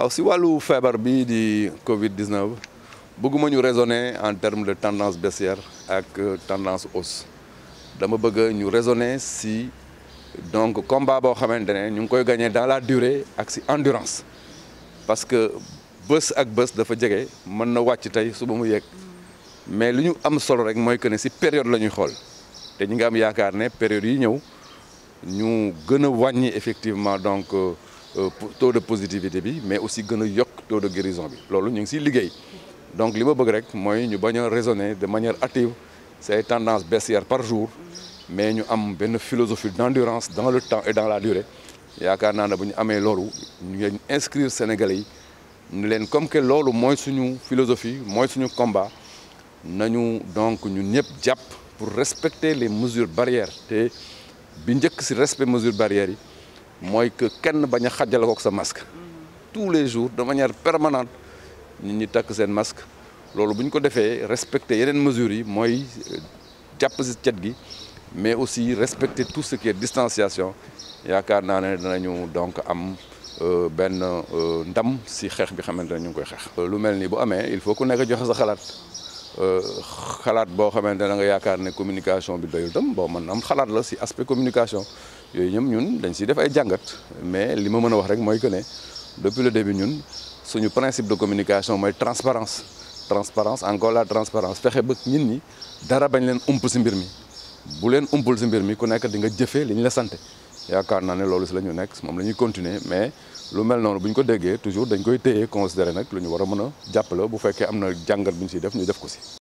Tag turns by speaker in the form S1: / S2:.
S1: waaw si wàllu feebar bi di Covid 19 de ñu raisonner en termes de tendance baissière ak euh, tendance hausse dama bëgg ñu raisonner si donc combat boo xamante ne ñu koy gagner dans la durée ak si endurance parce que bés ak bés dafa jege mën na wàcc tey suba mu mais ce ñu am solo rek que ne si période de l'année. xool te ñu am période yi ñëw ñu avons effectivement donc. Euh, euh, taux de positivité mais aussi le taux de guérison c'est ce ñu donc ce que nous rek fait, ñu raisonner de manière active c'est tendance baissière par jour mais nous avons une philosophie d'endurance dans le temps et dans la durée et nous ne bu ñu ñu inscrire Sénégalais nous avons comme que nous mooy suñu philosophie nous avons combat nañu donc nous avons pour respecter les mesures barrières et bi nous ci les mesures barrières mooy que kenn bañ a xàjjale ko ak sa masque tous les jours de manière permanente nit ñi takk seen masque loolu bu ñu ko defee respecter yeneen mesures yi mooy euh, jàpp si cet gi mais aussi respecter tout ce qui est distanciation yaakaar naa ne donc am euh, benn euh, ndam si xeex bi xamante ne ñu ngi koy xeex. lu mel bu amee il faut ku nekk joxe sa xalaat. Euh, xalaat boo xamante ne nga yaakaar ne communication bi doyul tam bon man am xalaat la si aspect communication yooyu ñoom ñun dañ siy def ay jàngat mais li ma mën a wax rek mooy que ne depuis le début ñun suñu principe de communication mooy transparence transparence encore la transparence fexe ba nit ñi dara bañ leen ump si mbir mi bu leen umpul si mbir mi ku nekk di nga jëfee li ñu la santé yaakaar naa ne loolu si la ñu nekk moom la ñuy continuer mais lu mel noonu bu ñu ko déggee toujours dañ koy téye considérer nag lu ñu war a mën a jàppale bu fekkee am na jàngat bu ñu siy def ñu def ko si